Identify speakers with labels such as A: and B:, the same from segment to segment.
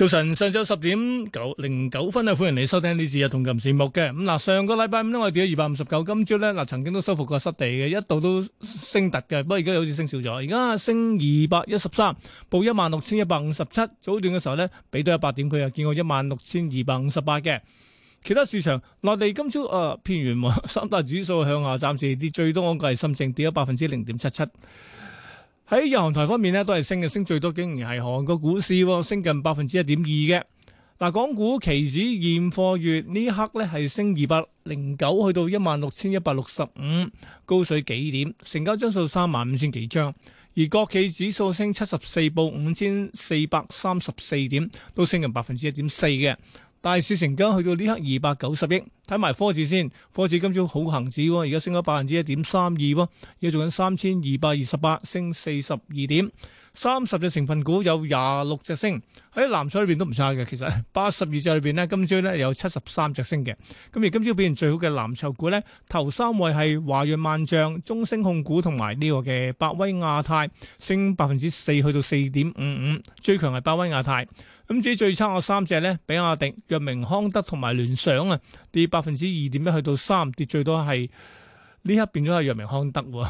A: 成早晨，上晝十點九零九分，歡迎你收聽呢次《一桶金節目》嘅。咁嗱，上個禮拜五咧，我哋跌咗二百五十九，今朝咧，嗱曾經都收復過失地嘅，一度都升突嘅，不過而家好似升少咗。而家升二百一十三，報一萬六千一百五十七。早段嘅時候咧，俾到一百點，佢又見過一萬六千二百五十八嘅。其他市場，內地今朝、呃、啊偏軟，三大指數向下暫時跌，最多我計深證跌咗百分之零點七七。喺日韓台方面咧，都係升嘅，升最多竟然係韓國股市，升近百分之一點二嘅。嗱，港股期指現貨月呢刻咧係升二百零九，去到一萬六千一百六十五，高水幾點？成交張數三萬五千幾張。而國企指數升七十四，報五千四百三十四點，都升近百分之一點四嘅。大市成交去到呢刻二百九十億。睇埋科指先，科指今朝好行字，而家升咗百分之一點三二，而家做緊三千二百二十八，升四十二點。三十隻成分股有廿六隻升，喺藍籌裏邊都唔差嘅。其實八十二隻裏邊呢，今朝咧有七十三隻升嘅。咁而今朝表現最好嘅藍籌股咧，頭三位係華潤萬象、中升控股同埋呢個嘅百威亞太，升百分之四去到四點五五，最強係百威亞太。咁至於最差嘅三隻咧，比亞迪、藥明康德同埋聯想啊。跌百分之二點一，去到三跌最多係呢刻變咗係藥明康德、哦。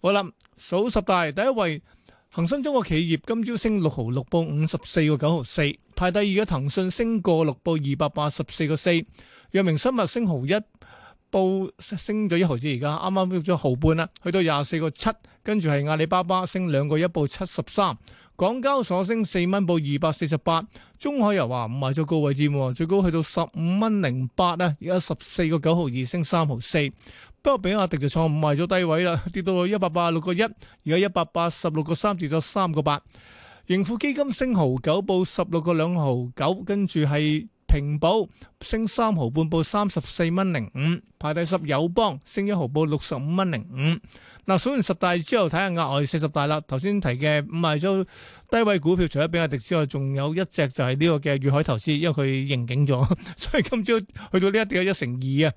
A: 好啦，數十大第一位恒生中國企業今朝升六毫六，報五十四個九毫四，排第二嘅騰訊升過六，報二百八十四個四。藥明生物升毫一報，報升咗一毫紙，而家啱啱升咗毫半啦，去到廿四個七。跟住係阿里巴巴升兩個一，報七十三。港交所升四蚊報二百四十八，中海油話唔賣咗高位置，最高去到十五蚊零八啊，而家十四個九毫二升三毫四，不過比亞迪就創五賣咗低位啦，跌到一百八十六個一，而家一百八十六個三跌咗三個八，盈富基金升毫九報十六個兩毫九，跟住係。平保升三毫半，報三十四蚊零五，排第十。友邦升一毫部，報六十五蚊零五。嗱，數完十大之後，睇下額外四十大啦。頭先提嘅五十周低位股票，除咗比亞迪之外，仲有一隻就係呢個嘅粵海投資，因為佢應景咗，所以今朝去到呢一點一成二啊。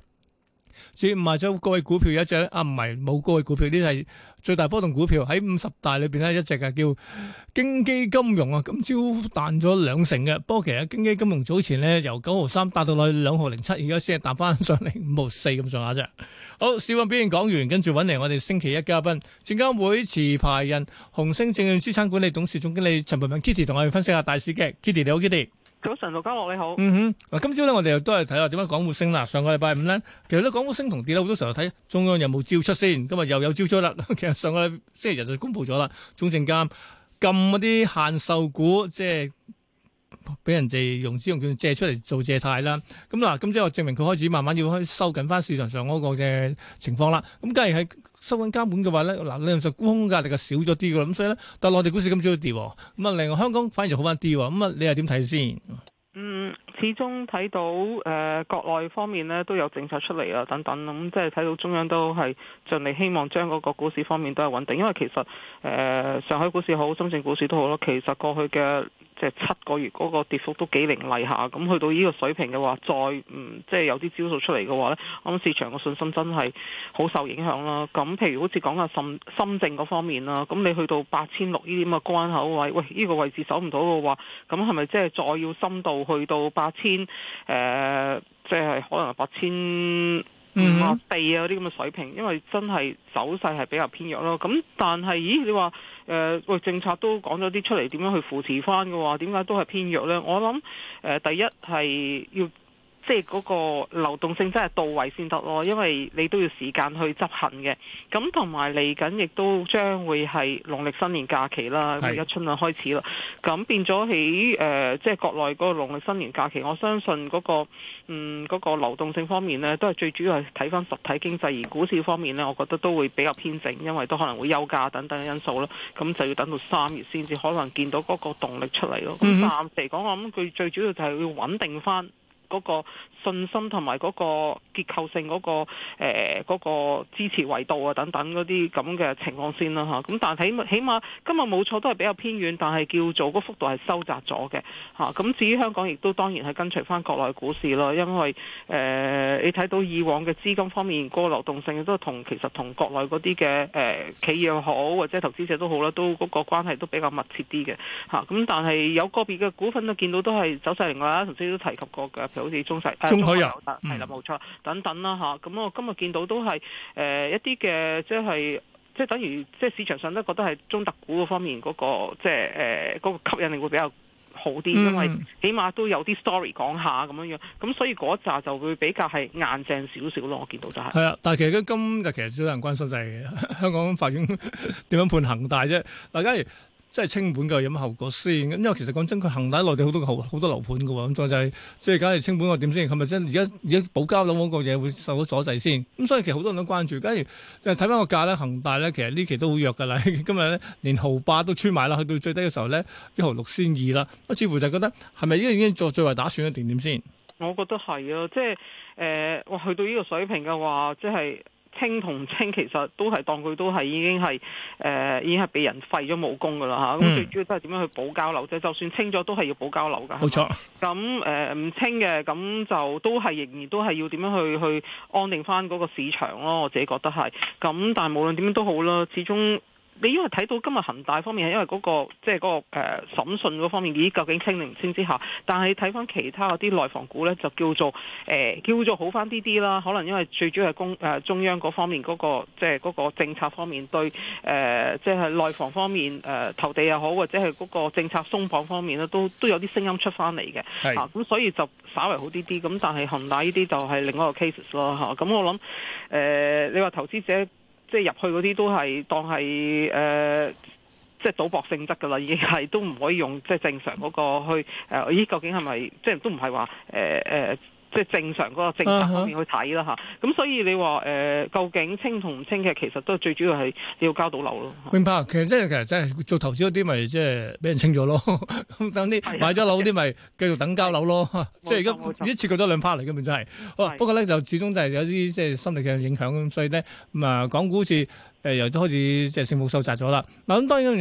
A: 至接埋咗個位股票有一隻，啊唔係冇個位股票，呢啲係最大波動股票喺五十大裏邊呢一隻嘅，叫京基金融啊，今朝彈咗兩成嘅。不過其實京基金融早前呢，由九毫三達到去兩毫零七，而家先係彈翻上嚟五毫四咁上下啫。好，市況表現講完，跟住揾嚟我哋星期一嘉賓，證監會持牌人、紅星證券資產管理董事總經理陳文文 Kitty 同我哋分析一下大市嘅 Kitty，你好 Kitty。早晨，盧家樂你好。嗯哼，嗱，今朝咧我哋又都係睇下點解港股升啦。上個禮拜五咧，其實咧港股升同跌咧好多時候睇中央有冇招出先。今日又有招出啦。其實上個星期日就公佈咗啦，中證監禁嗰啲限售股即係。俾人哋用，只用叫借出嚟做借貸啦。咁嗱，咁即係證明佢開始慢慢要開收緊翻市場上嗰個嘅情況啦。咁假如係收緊監管嘅話咧，嗱，理論上沽空壓力就少咗啲噶啦。咁所以咧，但係內地股市今朝都跌，咁啊，另外香港反而就好翻啲。咁啊，你又點睇先？嗯，
B: 始終睇到誒、呃、國內方面咧都有政策出嚟啊，等等咁、嗯，即係睇到中央都係盡力希望將嗰個股市方面都係穩定。因為其實誒、呃、上海股市好，深圳股市都好咯。其實過去嘅。即係七個月嗰個跌幅都幾凌厲下，咁去到呢個水平嘅話，再唔即係有啲招數出嚟嘅話呢，咁市場個信心真係好受影響啦。咁譬如好似講下深深證嗰方面啦，咁你去到八千六呢啲咁嘅關口位，喂呢、呢個位置守唔到嘅話，咁係咪即係再要深度去到八千、呃？誒，即係可能八千五啊地啊啲咁嘅水平、嗯，因為真係走勢係比較偏弱咯。咁但係，咦你話？誒，喂，政策都講咗啲出嚟，點樣去扶持翻嘅話，點解都係偏弱咧？我諗誒、呃，第一係要。即係嗰個流動性真係到位先得咯，因為你都要時間去執行嘅。咁同埋嚟緊亦都將會係農曆新年假期啦，而家春運開始啦。咁變咗喺誒，即、呃、係、就是、國內嗰個農曆新年假期，我相信嗰、嗰個嗯嗰、嗰個、流動性方面呢，都係最主要係睇翻實體經濟。而股市方面呢，我覺得都會比較偏靜，因為都可能會休假等等嘅因素咯。咁就要等到三月先至可能見到嗰個動力出嚟咯。咁暫時嚟講、嗯，我諗佢最主要就係要穩定翻。嗰、那個、信心同埋嗰個結構性嗰、那個誒、呃那個、支持維度啊等等嗰啲咁嘅情況先啦嚇，咁但係起起碼，起碼今日冇錯都係比較偏遠，但係叫做嗰幅度係收窄咗嘅嚇。咁至於香港亦都當然係跟隨返國內股市咯，因為誒、呃、你睇到以往嘅資金方面嗰、那個流動性都同其實同國內嗰啲嘅誒企業好或者投資者都好啦，都嗰、那個關係都比較密切啲嘅嚇。咁但係有個別嘅股份啊，見到都係走曬零啦，頭先都提及過嘅。好似中石油、中海油，係、啊、啦，冇錯、嗯，等等啦，吓，咁我今日見到都係誒、呃、一啲嘅、就是，即係即係等於即係市場上都覺得係中特股方面嗰、那個即係誒嗰個吸引力會比較好啲、嗯，因為起碼都有啲 story 講下咁樣樣，咁所以嗰扎就會比較係硬淨少少咯。我見到就係、是。係啊，
A: 但係其實今日其實最多人關心就係香港法院點樣判恒大啫。大家。即係清盤嘅有乜後果先？咁因為其實講真，佢恒大內地好多好多樓盤嘅喎，咁，再就係即係假如清盤我是是個點先，係咪真而家而家保交樓嗰個嘢會受到阻滯先？咁所以其實好多人都關注。假如就睇翻個價咧，恒大咧其實呢期都好弱嘅啦。今日咧連毫八都出賣啦，去到最低嘅時候咧一毫六仙二啦。我似乎就覺得係咪依個已經作最為打算嘅定點先？
B: 我覺得係啊，即係誒，話、呃、去到呢個水平嘅話，即係。清同清，其實都係當佢都係已經係誒、呃，已經係被人廢咗武功噶啦嚇。咁、嗯、最主要都係點樣去補交樓啫？就算清咗，都係要補交樓噶。冇錯。咁誒唔清嘅，咁就都係仍然都係要點樣去去安定翻嗰個市場咯。我自己覺得係。咁但係無論點樣都好啦，始終。你因為睇到今日恒大方面係因為嗰、那個即係嗰個誒、呃、審訊嗰方面，咦究竟清唔清之下，但係睇翻其他嗰啲內房股咧，就叫做誒、呃、叫做好翻啲啲啦。可能因為最主要係公、呃、中央嗰方面嗰、那個即係嗰個政策方面對誒即係內房方面誒、呃、投地又好或者係嗰個政策鬆綁方面咧，都都有啲聲音出翻嚟嘅。咁、啊、所以就稍微好啲啲咁，但係恒大呢啲就係另一個 case 咯，嚇，咁我諗誒、呃，你話投資者。即係入去嗰啲都係當係誒、呃，即係賭博性質㗎啦，已經係都唔可以用即係正常嗰個去誒。咦、呃，究竟係咪即係都唔係話誒誒？呃呃即係正常嗰個政策方面去睇啦嚇，咁、uh-huh. 嗯、所以你話誒、呃，究竟清同唔清嘅，其實都最主要係你要交到樓咯。
A: 明白，嗯、其實真、就、係、是、其實即係做投資嗰啲咪即係俾人清咗咯。咁 等啲買咗樓啲咪繼續等交樓咯。即係而家一次過咗兩 part 嚟根本真係。不過咧就始終都係有啲即係心理嘅影響咁，所以咧咁啊，講股市。誒又都開始即係勝負收窄咗啦。嗱，咁當然一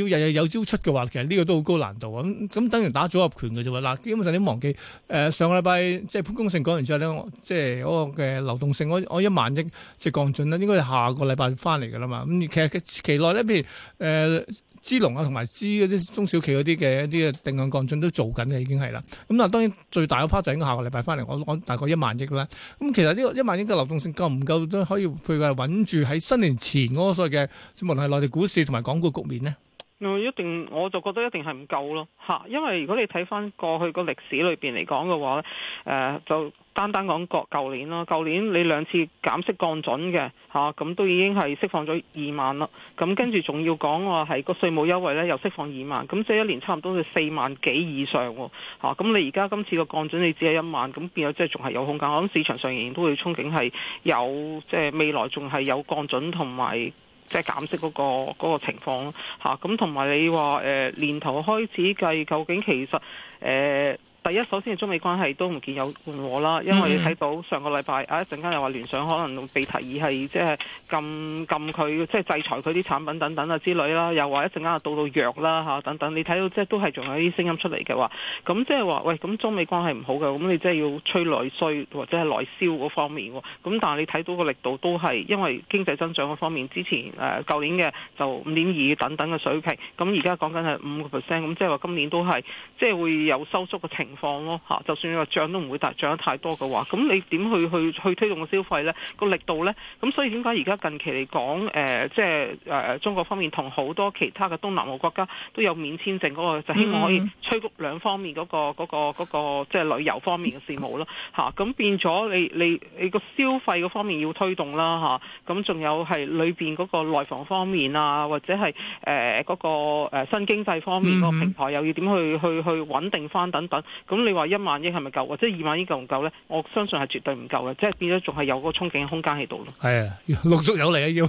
A: 要日日有招出嘅話，其實呢個都好高難度。咁咁等於打組合拳嘅啫喎。嗱，基本上你忘記誒、呃、上個禮拜即係潘功勝講完之後咧，即係嗰個嘅流動性，我一萬億即係降準啦，應該係下個禮拜翻嚟嘅啦嘛。咁其實其內咧，譬如誒支、呃、龍啊，同埋支啲中小企嗰啲嘅一啲嘅定向降準都做緊嘅，已經係啦。咁嗱，當然最大嗰 part 就應該下個禮拜翻嚟，我我大概一萬億啦。咁其實呢個一萬億嘅流動性夠唔夠都可以，譬如話穩住喺新年前。嗰、嗰個所謂嘅，即無論係內地股市同埋港股局面咧。
B: 一定我就覺得一定係唔夠咯，嚇！因為如果你睇翻過去個歷史裏邊嚟講嘅話咧，誒就單單講個舊年啦，舊年你兩次減息降準嘅嚇，咁都已經係釋放咗二萬啦，咁跟住仲要講話係個稅務優惠咧又釋放二萬，咁即係一年差唔多係四萬幾以上喎，咁你而家今次個降準你只係一萬，咁變咗即係仲係有空間。我諗市場上仍然都會憧憬係有即係、就是、未來仲係有降準同埋。即係減息嗰個嗰、嗰個情況咯吓，咁同埋你話誒、呃，年頭開始計究竟其實誒。呃第一，首先中美關係都唔見有緩和啦，因為你睇到上個禮拜啊，一陣間又話聯想可能被提議係即係禁禁佢，即係制裁佢啲產品等等啊之類啦，又話一陣間又到到藥啦嚇等等，你睇到即係都係仲有啲聲音出嚟嘅話，咁即係話喂，咁中美關係唔好嘅，咁你即係要催內需或者係內銷嗰方面，咁但係你睇到個力度都係因為經濟增長嗰方面之前誒舊年嘅就五點二等等嘅水平，咁而家講緊係五個 percent，咁即係話今年都係即係會有收縮嘅情。放咯嚇，就算個漲都唔會大漲得太多嘅話，咁你點去去去推動個消費呢？個力度呢？咁所以點解而家近期嚟講，誒即係誒中國方面同好多其他嘅東南亞國家都有免簽證嗰個，就希望可以催促兩方面嗰個嗰個即係旅遊方面嘅事務咯嚇。咁變咗你你你個消費嗰方面要推動啦嚇。咁仲有係裏邊嗰個內房方面啊，或者係誒嗰個誒新經濟方面嗰個平台又要點去去去穩定翻等等。咁你話一萬億係咪夠，或者二萬億夠唔夠咧？我相信係絕對唔夠嘅，即係變咗仲係有嗰個憧憬嘅空間喺度咯。
A: 係、哎、啊，陸續有嚟啊要。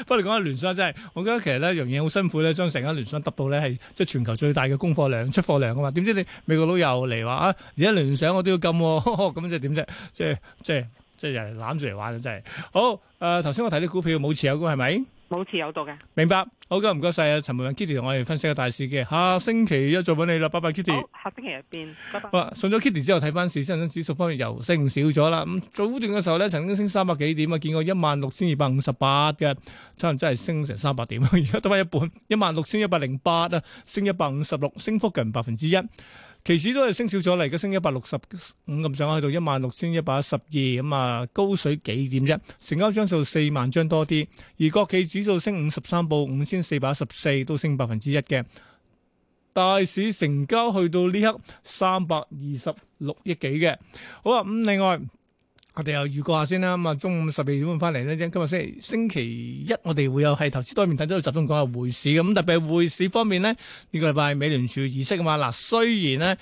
A: 不過你講下聯想真係，我覺得其實咧樣嘢好辛苦咧，將成間聯想揼到咧係即係全球最大嘅供貨量、出貨量啊嘛。點知你美國佬又嚟話啊？而家聯想我都要喎，哦。咁即係點啫？即係即係即係人攬住嚟玩啊！真係。好，誒，呃，頭先我睇啲股票冇持有股係咪？是冇持有到嘅，明白，好嘅，唔該晒啊，陳文文，Kitty 同我哋分析個大市嘅，哦，下星期一再搵你啦，拜拜，Kitty。下星期日
B: 見，拜拜。
A: 哇，哦，上咗 Kitty 之後睇翻市，恆生指數方面又升少咗啦。咁，嗯、早段嘅時候咧，曾經升三百幾點啊，見過一萬六千二百五十八嘅，差唔多係升成三百點，而家得翻一半，一萬六千一百零八啊，升一百五十六，升幅近百分之一。期指都係升少咗啦，而家升一百六十五咁，上去到一萬六千一百一十二咁啊，高水幾點一？成交張數四萬張多啲，而國企指數升五十三，報五千四百一十四，都升百分之一嘅。大市成交去到呢刻三百二十六億幾嘅。好啦，咁另外。我哋又預告下先啦，咁啊中午十二點半翻嚟呢，今日星期星期一，我哋會有係投資多面睇，都集中講下匯市咁，特別係匯市方面呢，呢個禮拜美聯儲儀式啊嘛，嗱雖然呢。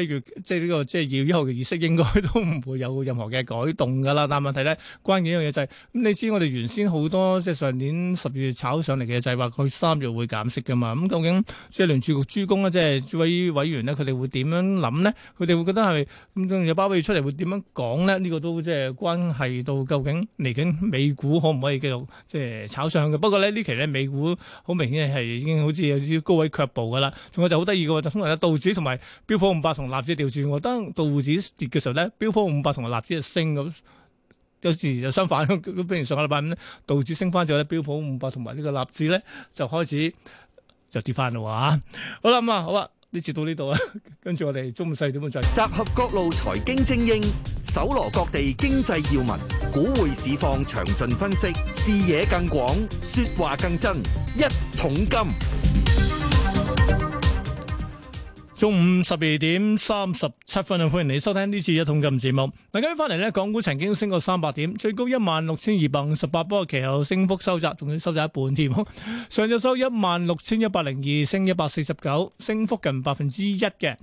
A: 一月即係呢個即係二月一號嘅議息應該都唔會有任何嘅改動㗎啦。但係問題咧，關鍵一樣嘢就係、是、咁，你知我哋原先好多即係、就是、上年十二月炒上嚟嘅就係話佢三月會減息㗎嘛。咁、嗯、究竟即係聯儲局諸公咧，即係委、就是、委員咧，佢哋會點樣諗咧？佢哋會覺得係咁、嗯、樣有包尾出嚟會點樣講咧？呢、這個都即係關係到究竟嚟緊美股可唔可以繼續即係炒上嘅？不過咧呢期咧美股好明顯係已經好似有啲高位卻步㗎啦。仲有就好得意嘅就通常咧道指同埋標普五百同納指調轉，我覺得道指跌嘅時候咧，標普五百同埋納指就升咁。有時就相反，比如上個禮拜五咧，道指升翻咗咧，標普五百同埋呢個納指咧就開始就跌翻啦。吓，好啦，咁啊，好啦，呢次到呢度啦，跟住我哋中午四點半再集合各路財經精英，搜羅各地經濟要聞，股匯市況詳盡分析，視野更廣，說話更真，一桶金。中午十二點三十七分，歡迎你收聽呢次一桶金節目。大家日翻嚟，港股曾經升過三百點，最高一萬六千二百五十八，不過其後升幅收窄，仲要收窄一半添。上晝收一萬六千一百零二，升一百四十九，升幅近百分之一嘅。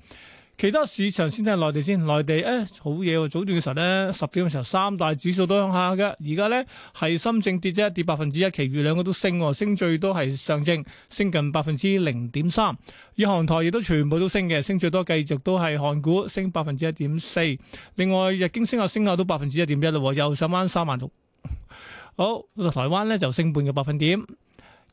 A: 其他市場先睇內地先，內地誒、欸、好嘢喎、哦！早段嘅時候咧，十點嘅時候三大指數都向下㗎，呢而家咧係深證跌咗一跌，跌百分之一，其餘兩個都升，升最多係上證，升近百分之零點三。以韓台亦都全部都升嘅，升最多繼續都係韓股，升百分之一點四。另外日經升下升下都百分之一點一嘞，又上翻三萬六。好，台灣咧就升半個百分點。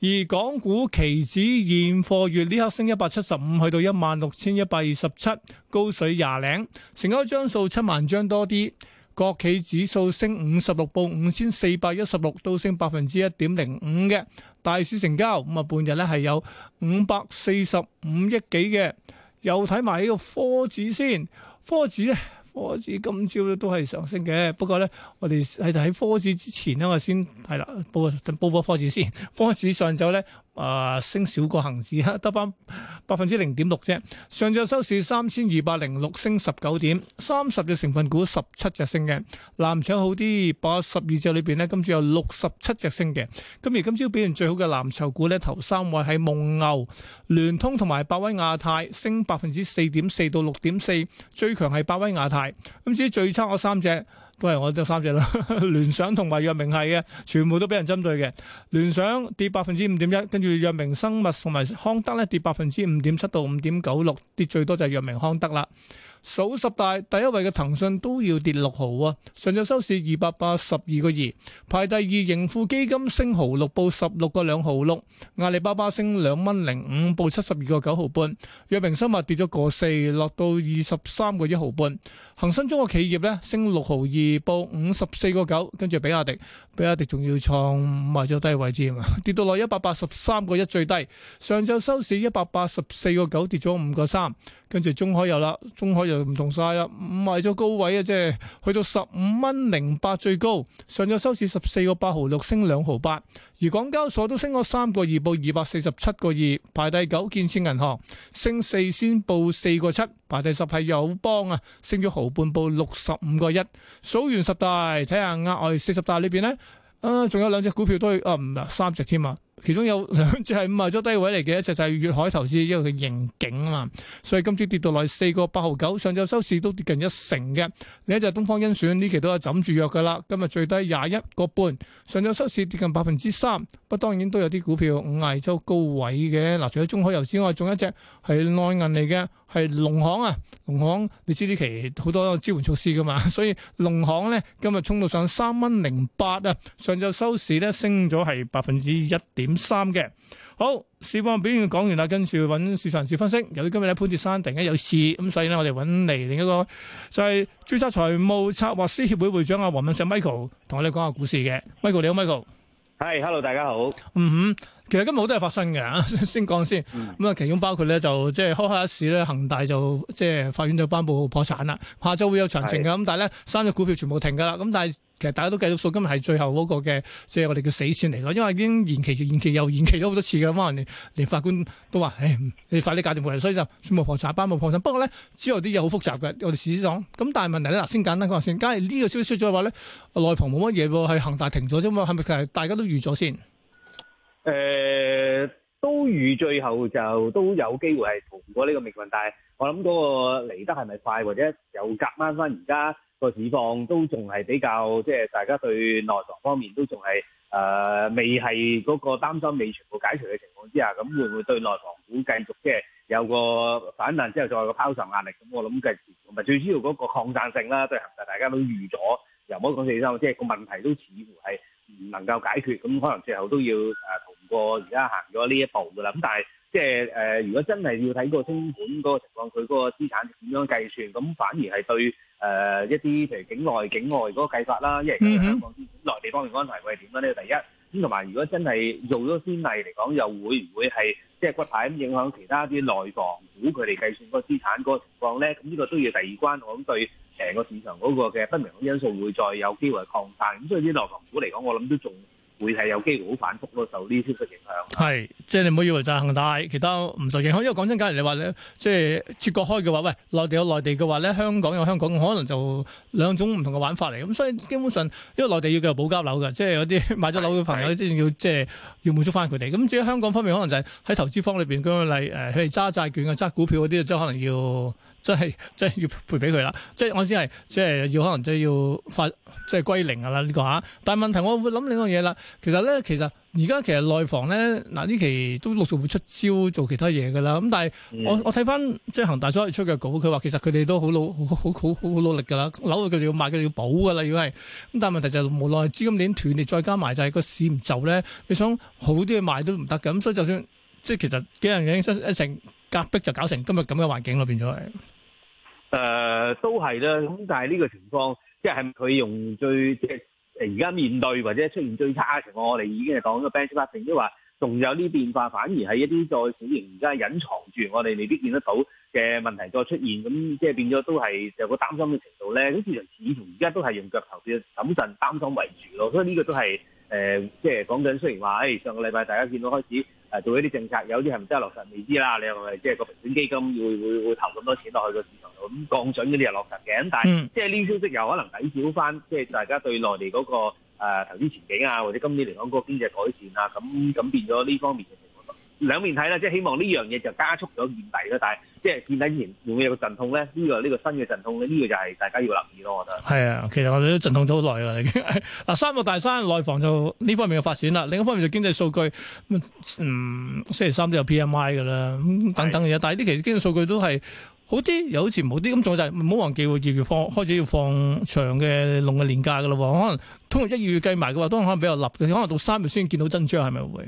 A: 而港股期指現貨月呢刻升一百七十五，去到一萬六千一百二十七，高水廿零，成交張數七萬張多啲。國企指數升五十六，報五千四百一十六，都升百分之一點零五嘅。大市成交咁啊，半日咧係有五百四十五億幾嘅。又睇埋呢個科指先，科指咧。科指今朝咧都係上升嘅，不過咧我哋喺睇科指之前咧，我先係啦報報個科指先，科指上晝咧。啊，升少個恆指，得返百分之零點六啫。上晝收市三千二百零六升十九點，三十隻成分股十七隻升嘅藍籌好啲，八十二隻裏邊呢，今朝有六十七隻升嘅。咁而今朝表現最好嘅藍籌股呢，頭三位係蒙牛、聯通同埋百威亞太，升百分之四點四到六點四，最強係百威亞太。咁至於最差嗰三隻。都係我得三隻啦，聯想同埋藥明係嘅，全部都俾人針對嘅。聯想跌百分之五點一，跟住藥明生物同埋康德呢跌百分之五點七到五點九六，跌最多就係藥明康德啦。數十大第一位嘅騰訊都要跌六毫啊！上晝收市二百八十二個二，排第二，盈富基金升毫六，報十六個兩毫六。阿里巴巴升兩蚊零五，報七十二個九毫半。藥明生物跌咗個四，落到二十三個一毫半。恒生中國企業咧升六毫二，報五十四個九，跟住比亞迪，比亞迪仲要創埋咗低位置啊！跌到落一百八十三個一最低。上晝收市一百八十四個九，跌咗五個三，跟住中海油啦，中海油。唔同晒唔賣咗高位啊，即係去到十五蚊零八最高，上咗收市十四個八毫六，升兩毫八。而港交所都升咗三個二，報二百四十七個二，排第九。建設銀行升四仙報四個七，排第十係友邦啊，升咗毫半報六十五個一。數完十大，睇下額外四十大呢邊呢？啊、呃，仲有兩隻股票都，啊、呃、唔三隻添啊。其中有兩隻係五十周低位嚟嘅，一隻就係粵海投資，因為佢盈警啊嘛，所以今次跌到嚟四個八毫九，上晝收市都跌近一成嘅。另一隻東方甄選呢期都有枕住弱噶啦，今日最低廿一個半，上晝收市跌近百分之三。不過當然都有啲股票五十周高位嘅，嗱，除咗中海油之外，仲有一隻係內銀嚟嘅，係農行啊，農行你知呢期好多支援措施噶嘛，所以農行咧今日衝到上三蚊零八啊，上晝收市咧升咗係百分之一點點三嘅，好市況表現講完啦，跟住揾市場人士分析。由於今日咧潘跌山突然間有事咁，所以咧我哋揾嚟，另一個就係註冊財務策劃師協會會長阿黃敏石 Michael 同我哋講下股市嘅。Michael 你好。Michael
C: 係 Hello 大家好，
A: 嗯哼。其實今日好多都係發生嘅，先講先。咁、嗯、啊，其中包括咧就即係、就是、開開一市咧，恒大就即係、就是、法院就頒布破產啦。下周會有詳情嘅，咁但係咧三隻股票全部停噶啦。咁但係其實大家都計到數，今日係最後嗰個嘅，即、就、係、是、我哋叫死線嚟嘅，因為已經延期、延期又延期咗好多次嘅，可、嗯、能連法官都話，唉、哎，你快啲解決佢。所以就全部破產、頒布破產。不過咧，之後啲嘢好複雜嘅，我哋始終咁。但係問題咧，嗱，先簡單講下先。假如呢個消息出咗嘅話咧，內房冇乜嘢，係恒大停咗啫嘛？係咪其實大家都預咗先？
C: 誒都預最後就都有機會係逃過呢個命運，但係我諗嗰個嚟得係咪快或者又夾翻翻，而家個市況都仲係比較即係、就是、大家對內房方面都仲係、呃、未係嗰個擔心未全部解除嘅情況之下，咁會唔會對內房股繼續即係、就是、有個反彈之後再有個拋售壓力，咁我諗嘅事同埋最主要嗰個擴散性啦，都係其實大家都預咗，由冇講四三，即係個問題都似乎係唔能夠解決，咁可能最後都要誒。啊過而家行咗呢一步噶啦，咁但係即係誒，如果真係要睇個清盤嗰個情況，佢嗰個資產點樣計算，咁反而係對誒一啲譬如境內、境外嗰個計法啦，因為香港資產內地方面嗰個安排會係點樣咧？第一，咁同埋如果真係做咗先例嚟講，又會唔會係即係骨牌咁影響其他啲內房股佢哋計算嗰個資產嗰個情況咧？咁呢個都要第二關我諗對成個市場嗰個嘅不明因素會再有機會擴散，咁所以啲內房股嚟講，我諗都仲。
A: 會係有機會好反覆咯，受呢啲嘅影響。係，即係你唔好以為就係恒大，其他唔受影響。因為講真的，假如你話咧，即係切割開嘅話，喂，內地有內地嘅話咧，香港有香港可能就兩種唔同嘅玩法嚟。咁所以基本上，因為內地要叫做補交樓嘅，即係有啲買咗樓嘅朋友，即係要即係要滿足翻佢哋。咁至於香港方面，可能就係喺投資方裏邊舉個例誒，佢哋揸債券啊、揸股票嗰啲，即係可能要。即係真係要賠俾佢啦！即係我先係即係要可能即係要發即係歸零㗎啦呢個嚇。但係問題我會諗另一樣嘢啦。其實咧，其實而家其實內房咧嗱呢期都陸續會出招做其他嘢㗎啦。咁但係我我睇翻即係恒大所出嘅稿，佢話其實佢哋都好努好好好好努力㗎啦。樓佢哋要賣，佢哋要保㗎啦。如果係咁，但係問題就無奈係資金鏈斷，你再加埋就係個市唔就咧，你想好啲去賣都唔得㗎。咁所以就算即係其實幾樣嘢一成夾逼就搞成今日咁嘅環境咯，變咗係。
C: 誒都係啦，咁但係呢個情況，即係佢用最即係而家面對或者出現最差嘅情況，我哋已經係講緊個 baseline，即係話仲有啲變化，反而係一啲再小型而家隱藏住，我哋未必見得到嘅問題再出現，咁即係變咗都係有個擔心嘅程度咧。咁市場自從而家都係用腳投票，謹慎擔心為主咯。所以呢個都係誒，即係講緊雖然話誒上個禮拜大家見到開始。誒做一啲政策，有啲係唔真係落實未知啦。你係咪即係個平選基金會會會,會投咁多錢落去個市場度咁降準嗰啲係落實嘅？咁但係、嗯、即係呢啲消息又可能抵少翻，即係大家對內地嗰、嗰個投資、呃、前景啊，或者今年嚟講嗰個經濟改善啊，咁咁變咗呢方面。兩面睇啦，即係希望呢樣嘢就加速咗
A: 見底啦，但係即係見底前會唔會有個陣痛咧？呢個呢個新嘅陣痛咧，呢個就係大家要留意咯，我覺得。係啊，其實我哋都陣痛咗好耐㗎啦。已經嗱， 三個大山內房就呢方面嘅發展啦，另一方面就經濟數據，嗯，星期三都有 P M I 㗎啦，等等嘅嘢。但係啲其實經濟數據都係好啲，又好似唔好啲咁，再就唔好忘記二月放開始要放長嘅農嘅年假㗎啦喎。可能通常一二月計埋嘅話，都可能比較立，可能到三月先見到真章，係咪會？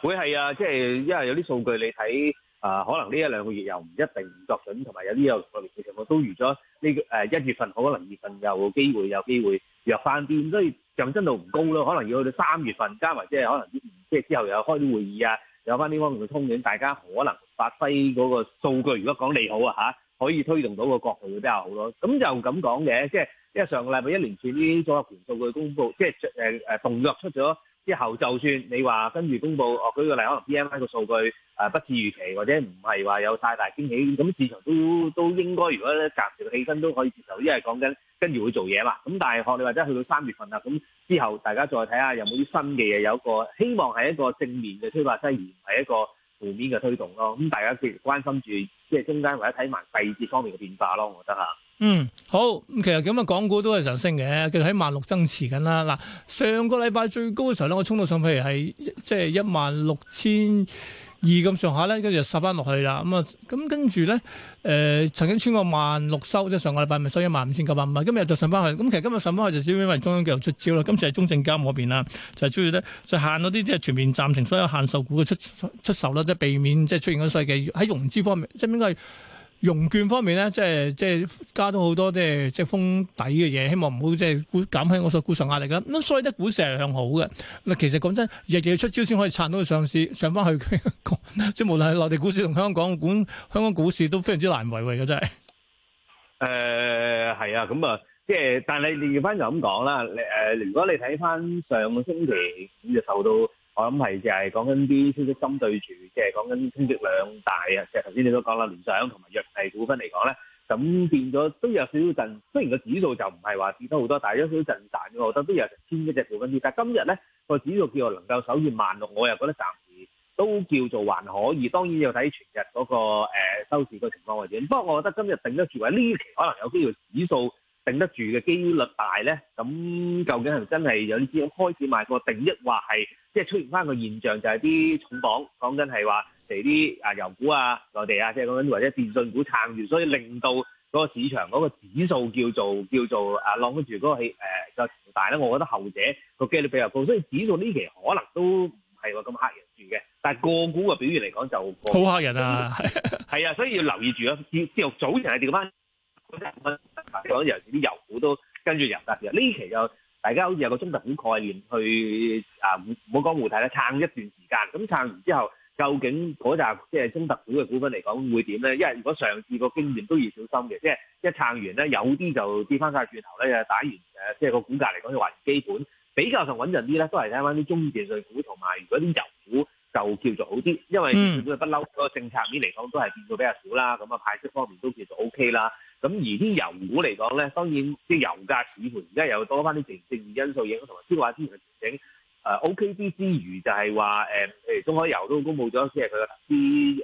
C: 會係啊，即係因為有啲數據你睇啊、呃，可能呢一兩個月又唔一定唔作準，同埋有啲又個情況都預咗呢，誒一月份可能二月份又機會有機會弱翻啲，所以上升度唔高咯。可能要去到三月份加埋即係可能啲即係之後又有開啲會議啊，有翻啲方面嘅通緝，大家可能發揮嗰個數據。如果講利好啊可以推動到個角度會比較好咯。咁就咁講嘅，即係因為上個禮拜一年前啲作合盤數據公布，即係誒誒動作出咗。之後，就算你話跟住公布哦，舉、這個例，可能 P M I 個數據誒、呃、不似預期，或者唔係話有太大驚喜，咁市場都都應該如果咧夾住個氣氛都可以接受，因為講緊跟住會做嘢嘛。咁但係學你或者去到三月份啦，咁之後大家再睇下有冇啲新嘅嘢，有個希望係一個正面嘅推發劑，而唔係一個負面嘅推動咯。咁大家繼續關心住，即係中間或者睇埋細節方面嘅變化咯，我覺得嚇。
A: 嗯，好。咁其實咁啊，港股都係上升嘅，其實喺萬六增持緊啦。嗱，上個禮拜最高嘅時候咧，我衝到上，譬如係即係一萬六千二咁上下咧，跟住就殺翻落去啦。咁啊，咁跟住咧，誒，曾經穿過萬六收，即係上個禮拜咪收一萬五千九百五，今日就上翻去。咁其實今日上翻去就主要因為中央又出招啦。今次係中證監嗰邊啦，就係終於咧就限咗啲即係全面暫停所有限售股嘅出出售啦，即係避免即係出現嗰世紀喺融資方面，即係應該係。融券方面咧，即係即係加咗好多即係即係封底嘅嘢，希望唔好即係股減輕我所估上壓力嘅。咁所以得股市係向好嘅。嗱，其實講真，日日要出招先可以撐到佢上市上翻去，即 係無論係內地股市同香港股香港股市都非常之難維維嘅真
C: 係。誒、呃、係啊，咁啊，即、就、係、是、但係練返就咁講啦。如果你睇翻上個星期，佢就受到。我諗係就係講緊啲消息針對住，即係講緊衝擊兩大啊！即係頭先你都講啦，聯想同埋藥泰股份嚟講咧，咁變咗都有少少震。雖然個指數就唔係話跌得好多，但係有少少震盪嘅，我覺得都有成千一隻股份跌。但係今日咧個指數叫我能夠守住萬六，我又覺得暫時都叫做還可以。當然要睇全日嗰個呃收市個情況或者。不過我覺得今日定咗住位，呢期可能有機會指數。定得住嘅機率大咧，咁究竟係真係有啲啲開始賣個定，抑或係即係出現翻個現象，就係啲重磅講緊係話嚟啲啊油股啊內地啊，即係講緊或者電信股撐住，所以令到嗰個市場嗰個指數叫做叫做啊攞得住嗰個氣誒夠強大咧。我覺得後者個機率比較高，所以指數呢期可能都唔係話咁嚇人住嘅，但係個股嘅表現嚟講就好嚇人啊！係啊，所以要留意住啊！跌跌落早前係跌翻。講到尤其啲油股都跟住油價啦，其呢期就大家好似有個中特股概念去啊，唔好講互睇啦，撐一段時間，咁撐完之後究竟嗰紮即係中特股嘅股份嚟講會點咧？因為如果上次個經驗都要小心嘅，即係一撐完咧，有啲就跌翻晒轉頭咧，又打完誒，即係個股價嚟講就話基本比較上穩陣啲咧，都係睇翻啲中字號股同埋如果啲油股。就叫做好啲，因為股嘅不嬲個政策面嚟講都係變到比較少啦。咁啊派息方面都叫做 O K 啦。咁而啲油股嚟講咧，當然即係油價市盤而家又多翻啲政政治因素影響，同埋消化資源調整誒 O K 啲之餘，就係話誒，譬、呃、如中海油都公佈咗，即係佢嘅投資誒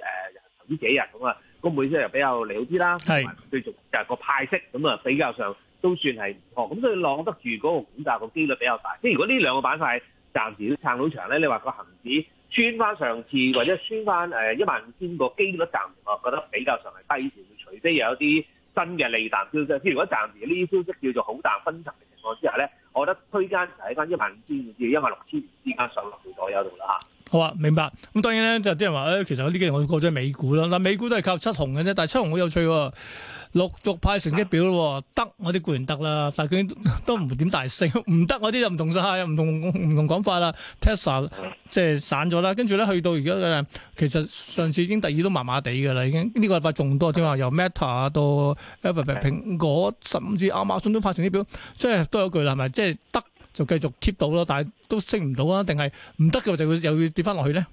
C: 呢幾日咁啊，公佈之後又比較利好啲啦。係對住就個派息咁啊，比較上都算係唔錯。咁所以攬得住嗰個股價個機率比較大。即、就、係、是、如果呢兩個板塊暫時要撐到場咧，你話個恆指。穿翻上次或者穿翻誒一萬五千個機率，暫時我覺得比較上係低，除非有一啲新嘅利淡消息。如果暫時呢啲消息叫做好大分層嘅情況之下咧，我覺得區間就喺翻一萬五千至一萬六千之間上落段左右度啦嚇。
A: 好啊，明白。咁當然咧，就有啲人話咧，哎，其實呢幾年我過咗去美股啦。嗱，美股都係靠七雄嘅啫。但七雄好有趣喎，哦，陸續派成績表咯，得我啲固然得啦。但係佢都唔點大升，唔得我啲就唔同晒，又唔同唔同講法啦。Tesla 即係散咗啦，跟住咧去到而家嘅，其實上次已經第二都麻麻地嘅啦，已經呢，這個禮拜仲多啲喎，由 Meta 到 Apple、okay.、蘋果，甚至亞馬遜都派成績表，即係都有句啦，係咪即係得？就繼續 keep 到咯，但係都升唔到啊？定係唔得嘅話，就會又要跌翻落去咧？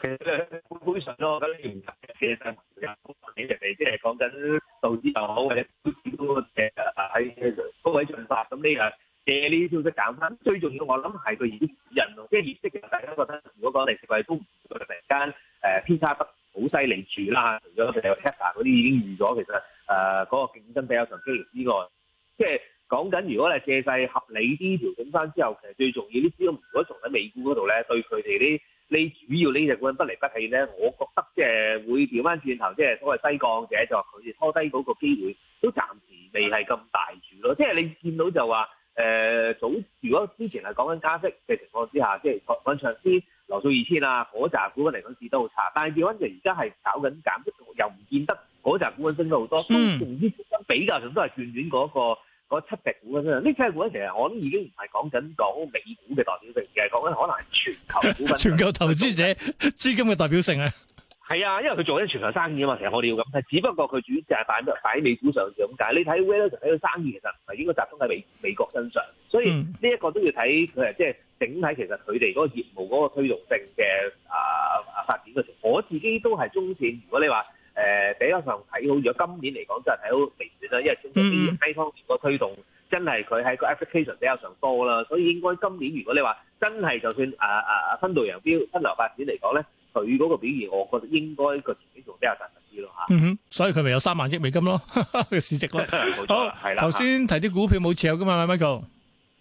C: 其實咧基本上咯，咁樣其實有幾隻嘢，即係講緊道指又好，或者股市嗰個誒喺高位進發，咁你又借呢啲消息減翻。最重要，我諗係佢已經人即係業績，大家覺得如果講第四季都唔突然間誒偏差得好犀利住啦，除咗譬如 Tesla 嗰啲已經預咗，其實誒嗰、呃那個競爭比較上激烈之外，即、這、係、個。就是講緊，如果你借勢合理啲調整翻之後，其實最重要啲資金如果仲喺美股嗰度咧，對佢哋啲你主要呢隻股份不離不棄咧，我覺得即係會調翻轉頭，即係所謂低降者就話，佢哋拖低嗰個機會都暫時未係咁大住咯。即係你見到就話誒、呃、早，如果之前係講緊加息嘅情況之下，即係講緊羅素二千啦，嗰陣、啊、股份嚟講市都好差。但係變翻就而家係搞緊減息，又唔見得嗰陣股份升咗好多。嗯，從啲比較上都係眷戀嗰個。嗰七隻股嘅啫，呢七隻股咧，其實我都已經唔係講緊講美股嘅代表性而係，講緊可能係全球股份、全
A: 球投資者資金嘅代表性啊。
C: 係啊，因為佢做緊全球生意啊嘛，其實我哋要咁。只不過佢主要就係擺喺美股上就咁解。你睇 Walton 睇佢生意其實唔係應該集中喺美美國身上，所以呢一個都要睇佢係即係整體其實佢哋嗰個業務嗰個推動性嘅啊、啊發展嘅情況。我自己都係中線，如果你話。誒、呃、比較上睇好咗，如果今年嚟講真係睇好微軟啦，因為先頭啲西方如果推動，嗯、真係佢喺個 application 比較上多啦，所以應該今年如果你話真係就算啊啊，啊分道揚鑣，分流發展嚟講咧，佢嗰個表現，我覺得應該個前景仲比較紮實啲咯。嗯
A: 哼，所以佢咪有三萬億美金咯，市值咯。好，頭先提啲股票冇持有噶嘛、啊、Michael。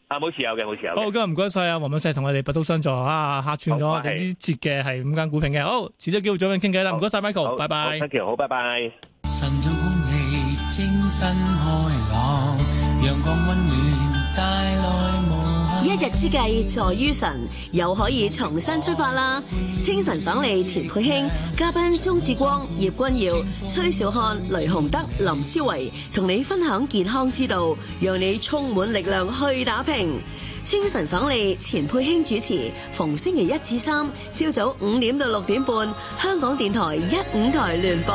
A: 啊，冇持有嘅，冇持有。好，今日唔該晒啊，黃敏生同我哋拔刀相助，啊，客串咗呢節嘅係五間股評嘅。好，遲啲有機會早啲傾偈啦。唔該晒，Michael，拜拜。Bye bye 好 thank you 好，拜拜。一日之計在於晨，又可以重新出發啦！清晨爽利，錢佩卿、嘉賓鍾志光、葉君耀、崔小漢、雷洪德、林思維同你分享健康之道，讓你充滿力量去打拼。清晨爽利，錢佩卿主持，逢星期一至三，朝早五點到六點半，香港電台一五台聯播。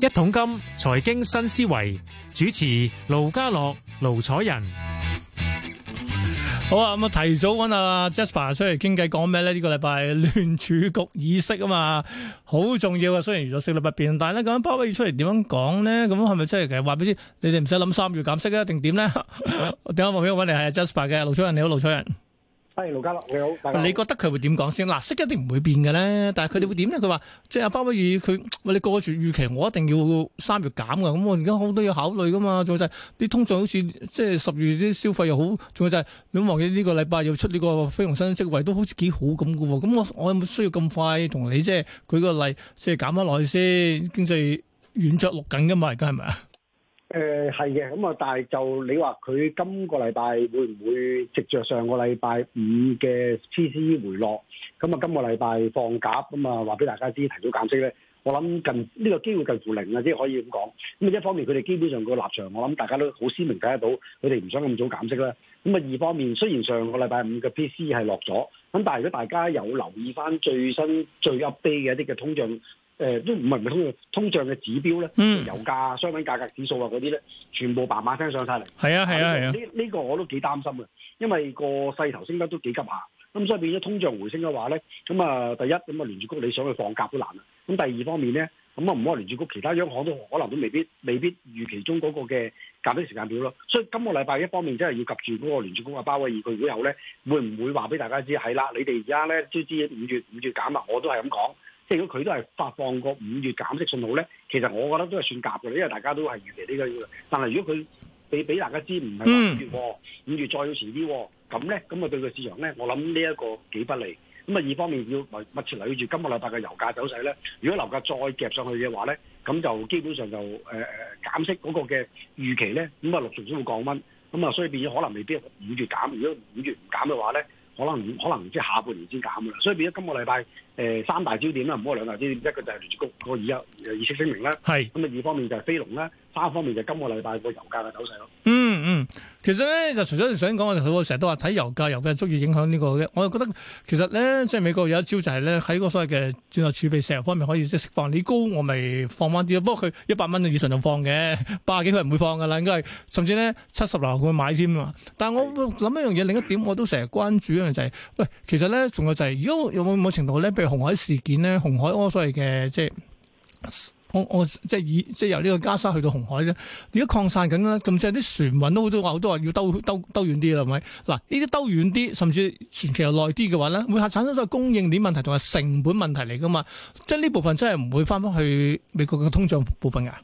A: 一桶金財經新思維主持盧家樂、盧彩仁。好啊，咁啊提早揾阿 Jasper 出嚟傾偈講咩咧？呢、呢個禮拜聯儲局議息啊嘛，好重要啊！雖然預咗四禮不變，但係咧咁鮑威爾出嚟點樣講咧？咁係咪出嚟？其實話俾你知，你哋唔使諗三月減息啊，定點咧？ 我點解望住我揾你係 Jasper 嘅盧彩仁，你好盧彩仁。你好。好，你覺得佢會點講先嗱？息一定唔會變嘅咧，但係佢哋會點咧？佢話即係阿鮑威爾，佢餵你過住預期，我一定要三月減㗎。咁我而家好多嘢考慮㗎嘛。再就係、是、你通常好似即係十月啲消費又好，仲有就係咁望見呢個禮拜又出呢個非農新職位都好似幾好咁嘅喎。咁我我有冇需要咁快同你即係舉個例，即係減翻落去先？經濟軟着陸緊㗎嘛？而家係咪啊？
D: 誒係嘅，咁啊，但係就你話佢今個禮拜會唔會藉著上個禮拜五嘅 PCE 回落，咁啊今個禮拜放假，咁啊話俾大家知提早減息咧？我諗近呢個機會近乎零啊，即係可以咁講。咁一方面佢哋基本上個立場，我諗大家都好鮮明睇得到，佢哋唔想咁早減息啦。咁啊二方面，雖然上個禮拜五嘅 PCE 係落咗，咁但係如果大家有留意翻最新最 update 嘅一啲嘅通脹。誒都唔係唔係通過，通脹嘅指標咧，嗯，油價、商品價格指數啊嗰啲咧，全部砰砰聲上晒嚟。係啊係啊係啊！呢呢、啊啊呢個呢個我都幾擔心啊，因為個勢頭升得都幾急下，咁所以變咗通脹回升嘅話咧，咁啊第一咁啊聯儲局你想去放鴿都難啊；咁第二方面咧，咁啊唔好話聯儲局，其他央行都可能都未必未必預期中嗰個嘅鴿子時間表咯。所以今個禮拜一方面真係要及住嗰個聯儲局阿鮑威爾，佢如果有咧，會唔會話俾大家知係啦？你哋而家咧知唔知五月五月減啊？我都係咁講。即如果佢都係發放個五月減息信號咧，其實我覺得都係算夾嘅，因為大家都係預期呢個。但係如果佢俾俾大家知唔係五月喎，五月再要遲啲喎，咁咧咁啊對個市場咧，我諗呢一個幾不利。咁啊，二方面要密切留意住今個禮拜嘅油價走勢咧。如果油價再夾上去嘅話咧，咁就基本上就誒、呃、減息嗰個嘅預期咧，咁啊陸續都會降溫。咁啊，所以變咗可能未必五月減。如果五月唔減嘅話咧。可能唔可能唔知下半年先減啦，所以變咗今個禮拜誒三大焦點啦，唔好話兩大焦點，一個就係聯儲局個二有誒議息聲明啦，咁啊二方面就係飛龍啦。
A: 方面就今個禮拜個油價嘅走勢咯。嗯嗯，其實咧就除咗你想講，我哋佢成日都話睇油價，油價足以影響呢個嘅。我又覺得其實咧，即係美國有一招就係咧，喺個所謂嘅戰略儲備石油方面可以即釋放。你高我咪放翻啲，不過佢一百蚊以上就放嘅，八啊幾佢唔會放噶啦。應該係甚至咧七十流佢會買添啊。但係我諗一樣嘢，另一點我都成日關注一樣就係，喂，其實咧仲有就係、是，如果有冇某程度咧，譬如紅海事件咧，紅海嗰個所謂嘅即係。我我即係以即係由呢個加沙去到紅海咧，如果擴散緊啦。咁即係啲船運都好多話，好多話要兜兜兜遠啲啦，係咪？嗱，呢啲兜遠啲，甚至船期又耐啲嘅話咧，會產生咗個供應鏈問題同埋成本問題嚟噶嘛？即係呢部分真係唔會翻翻去美國嘅通脹部分噶。
D: 誒、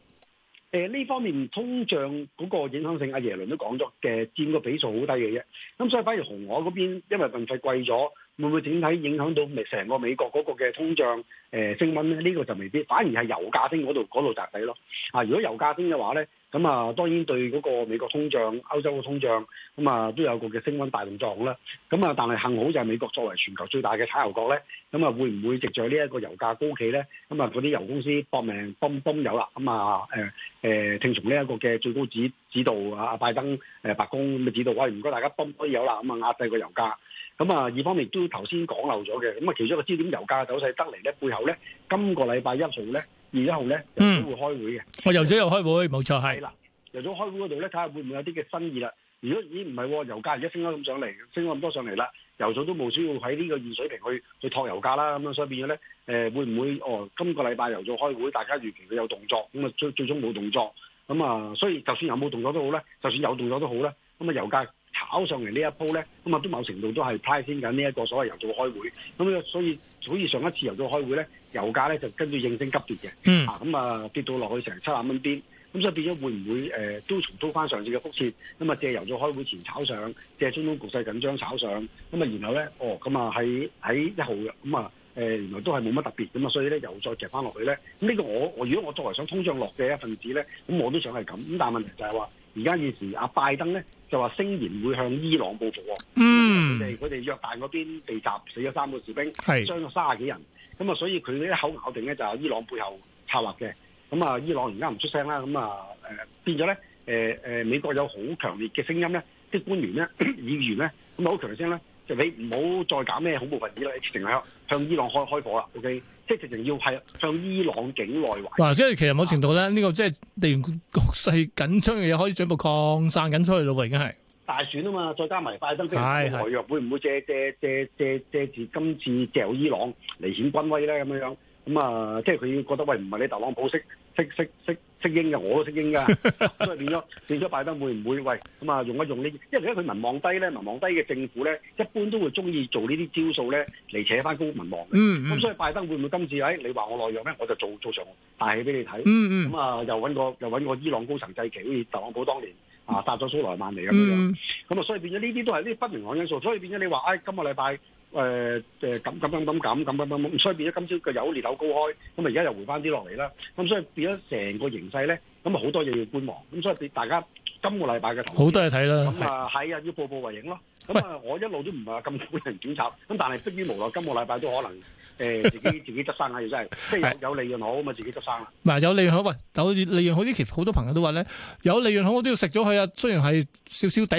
D: 呃，呢方面通脹嗰個影響性，阿耶倫都講咗嘅，佔個比數好低嘅啫。咁所以反而紅海嗰邊，因為運費貴咗，會唔會整體影響到成個美國嗰個嘅通脹、呃、升溫咧？呢、呢個就未必，反而係油價升嗰度嗰度扎底咯。啊，如果油價升嘅話咧，咁啊當然對嗰個美國通脹、歐洲嘅通脹，咁啊都有個嘅升溫大動作啦。咁啊，但係幸好就係美國作為全球最大嘅產油國咧，咁啊會唔會直在呢一個油價高企咧，咁啊嗰啲油公司搏命泵泵油啦。咁啊誒誒聽從呢一個嘅最高指導拜登、呃、白宮指導啊，拜登白宮咁嘅指導喂，唔、哎、該大家泵嘣油啦，咁啊壓低個油價。咁啊，二方面都頭先講漏咗嘅，咁啊，其中一個焦點，油價嘅走勢得嚟咧，背後咧，今個禮拜一號咧，二一號咧，都會開會嘅。
A: 哦，油組又開會，冇錯係。嗱，
D: 油組開會嗰度咧，睇下會唔會有啲嘅新意啦。如果咦唔係，油價而家升咗咁上嚟，升咗咁多上嚟啦，油組都冇需要喺呢個熱水平去去托油價啦。咁樣所以變咗咧，誒會唔會哦？今個禮拜油組開會，大家預期佢有動作，咁啊最最終冇動作。咁啊，所以就算有冇動作都好咧，就算有動作都好咧，咁啊油價。炒 上嚟呢一波咧，咁、嗯、啊都某程度都係派先緊呢一個所謂油組開會，咁所以所以上一次油組開會咧，油價咧就跟住應聲急跌嘅，mm. 啊咁啊、嗯、跌到落去成七十蚊邊，咁、嗯、所以變咗會唔會誒、呃、都重都翻上，上次嘅谷切，咁、嗯、啊借油組開會前炒上，借中東局勢緊張炒上，咁、嗯、啊然後咧，哦咁啊喺喺一號咁啊誒原來都係冇乜特別，咁啊所以咧又再跌翻落去咧，咁、嗯、呢、這個我我如果我作為想通脹落嘅一份子咧，咁我都想係咁，咁但問題就係話。而家現時阿拜登咧就話聲言會向伊朗報復，佢哋佢哋約旦嗰邊被襲死咗三個士兵，傷咗三十幾人，咁啊所以佢一口咬定咧就係伊朗背後策劃嘅，咁啊伊朗而家唔出聲啦，咁啊誒變咗咧誒誒美國有好強烈嘅聲音咧，即官員咧議員咧咁好強聲咧就你唔好再搞咩恐怖分子啦，定向。向伊朗開開火啦，OK，即係直情要係向伊朗境內還。
A: 嗱，即係其實某程度咧，呢、啊呢個即係地緣局勢緊張嘅嘢，可以進一步擴散緊出去咯喎，已經係
D: 大選啊嘛，再加埋拜登俾佢台弱。哎、會唔會借借借借借住今次借伊朗嚟顯軍威咧？咁樣樣，咁啊，即係佢要覺得喂，唔係你特朗普式。識識識識英嘅，我都識英噶， 所以變咗變咗拜登會唔會喂，咁啊用一用呢？因為而家佢民望低咧，民望低嘅政府咧，一般都會中意做呢啲招數咧嚟扯翻高民望。嘅、嗯。咁、嗯、所以拜登會唔會今次咧、哎？你話我內用咧，我就做做上大戲俾你睇。咁、嗯嗯、啊又揾個又揾個伊朗高層祭旗，好似特朗普當年啊殺咗蘇萊曼尼咁、嗯、樣。咁、嗯、啊所以變咗呢啲都係呢啲不明朗因素。所以變咗你話，誒、哎、今個禮拜。誒、呃、誒，咁咁咁咁咁咁咁所以變咗今朝嘅有裂口高開，咁啊而家又回翻啲落嚟啦。咁所以變咗成個形勢咧，咁啊好多嘢要觀望。咁所以俾大家今個禮拜嘅好多嘢睇啦。咁啊係啊，要步步為營咯。咁啊，我一路都唔係話咁會平整炒。咁但係迫於無奈，今個禮拜都可能誒、呃、自己自己執生下，真係即係有有利潤好，咁啊自己執生
A: 啦。嗱，有利潤好喂，有利潤好啲，其實好多朋友都話咧，有利潤好，我都要食咗佢啊。雖然係少少啲，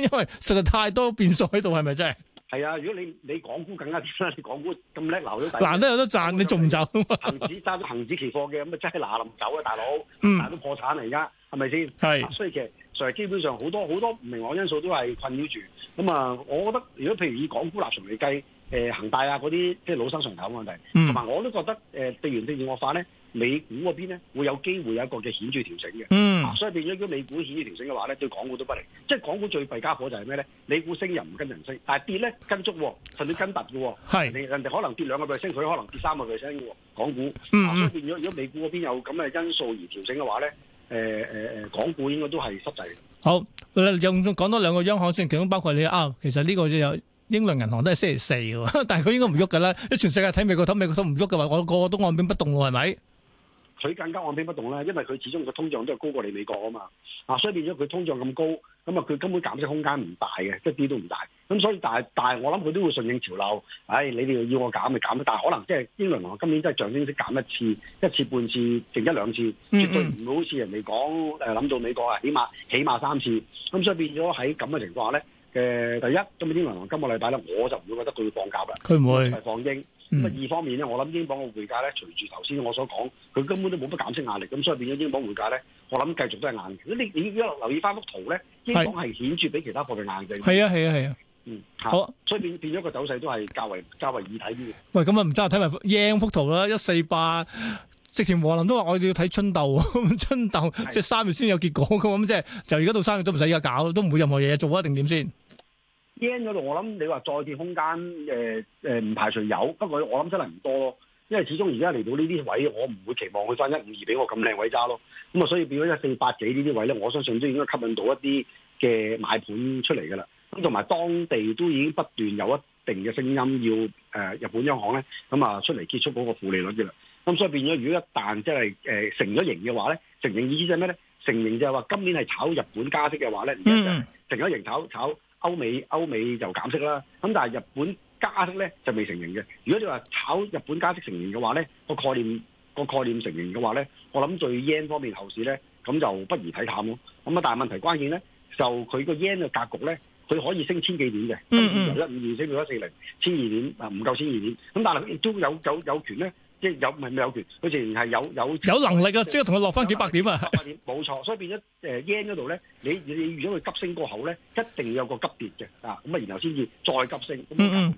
A: 因為實在太多變數喺度，係咪真係？
D: 係啊，如果你你港股更加點啦，你港股咁叻流都難得
A: 有得賺，你仲唔走？恒
D: 指揸咗恒指期貨嘅，咁啊真係嗱臨走啊，大佬，嗯，都破產嚟而家，係咪先？係、啊，所以其實就基本上好多好多唔明朗因素都係困擾住。咁啊，我覺得如果譬如以港股立場嚟計，誒、呃，恒大啊嗰啲即係老生常談嘅問題，同、嗯、埋我都覺得誒，地緣政治惡化咧。美股嗰邊咧會有機會有一個嘅顯著調整嘅、嗯啊，所以變咗如果美股顯著調整嘅話咧，對港股都不利。即係港股最弊家伙就係咩咧？美股升又唔跟人升，但係跌咧跟足、哦、甚至跟突嘅、哦。係人哋可能跌兩個 percent，佢可能跌三個 percent、哦、港股嗯嗯，啊、所
A: 以變
D: 咗如果美股嗰邊有咁嘅因素而調整嘅話咧，誒誒誒，港股應該都係濕滯。
A: 好，又講多兩個央行先，其中包括你啱、啊，其實呢個有英倫銀行都係星期四喎，但係佢應該唔喐㗎啦。全世界睇美國睇美國都唔喐嘅話，我個個都按兵不動喎，係咪？
D: 佢更加按兵不動啦，因為佢始終個通脹都係高過你美國啊嘛，啊，所以變咗佢通脹咁高，咁啊佢根本減息空間唔大嘅，一啲都唔大。咁所以但係但我諗佢都會順應潮流，唉、哎，你哋要我減咪減，但可能即係英倫行今年真係象徵式減一次、一次半次，剩一兩次，絕對唔會好似人哋講誒諗到美國啊，起碼起碼三次。咁所以變咗喺咁嘅情況下咧嘅第一，咁英倫行今個禮拜咧，我就唔會覺得佢會降息㗎，佢唔會放鴿。咁、嗯、啊，二方面咧，我諗英鎊嘅匯價咧，隨住頭先我所講，佢根本都冇乜減息壓力，咁所以變咗英鎊匯價咧，我諗繼續都係硬嘅。你你一留意翻幅圖咧，英鎊係顯著比其他貨幣硬淨。係啊係啊係啊，嗯好、啊啊啊啊，所以變變咗個走勢都係較為較為易睇啲嘅。
A: 喂，咁啊唔得，睇埋 yen 幅圖啦，一四八，直情黃林都話我哋要睇春鬥 春鬥、啊、即係三月先有結果嘅咁，啊、 即係就而家到三月都唔使而家搞，都唔會任何嘢做啊，定點先？
D: yen 度我諗你話再跌空間，誒誒唔排除有，不過我諗真係唔多咯，因為始終而家嚟到呢啲位，我唔會期望佢返一五二俾我咁靚位揸咯。咁啊，所以變咗一四八幾呢啲位咧，我相信都已經吸引到一啲嘅買盤出嚟噶啦。咁同埋當地都已經不斷有一定嘅聲音要誒日本央行咧咁啊出嚟結束嗰個負利率嘅啦。咁所以變咗，如果一旦即係誒成咗型嘅話咧，成型意思係咩咧？成型就係話今年係炒日本加息嘅話咧，成咗型炒炒。歐美歐美就減息啦，咁但係日本加息咧就未成型嘅，如果你話炒日本加息成形嘅話咧，個概念個概念成形嘅話咧，我諗對日圓方面後市咧，咁就不如睇淡咯。咁啊，但係問題關鍵咧，就佢個日圓嘅格局咧，佢可以升千幾點嘅。嗯、由一五二升到一四零，千二點啊，唔夠千二點咁，但係亦都有有有權咧。即係有唔係咪有權？佢自然係有有有能力啊！即係同佢落翻幾百點啊！冇錯，所以變咗誒日圓嗰度咧，你你如果佢急升過後咧，一定要有個急跌嘅啊！咁啊，然後先至再急升，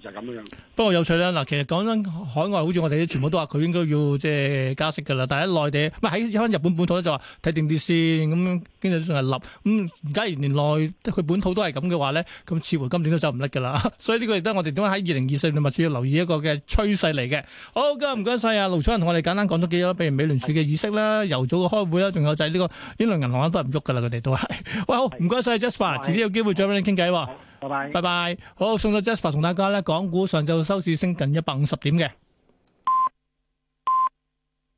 D: 就係咁樣
A: 樣。不過有趣咧，嗱，其實講緊海外，好似我哋啲全部都話佢應該要即係加息㗎啦。但係喺內地，唔係喺翻日本本土咧就話睇定啲先咁，經濟仲係立。咁而家連內佢本土都係咁嘅話咧，咁似乎今年都走唔甩㗎啦。所以呢個亦都我哋點解喺二零二四年，咪主要留意一個嘅趨勢嚟嘅。好，今日唔該曬。係啊，盧彩仁同我哋簡單講咗幾多，譬如美聯儲嘅議息啦，由早嘅開會啦，仲有就係呢個呢輪銀行都係唔喐噶啦，佢哋都係。 喂，好，唔該晒，Jasper，遲啲有機會再俾你傾偈。好，拜拜。拜拜。好，送咗 Jasper 同大家咧，港股上晝收市升近一百五十點嘅。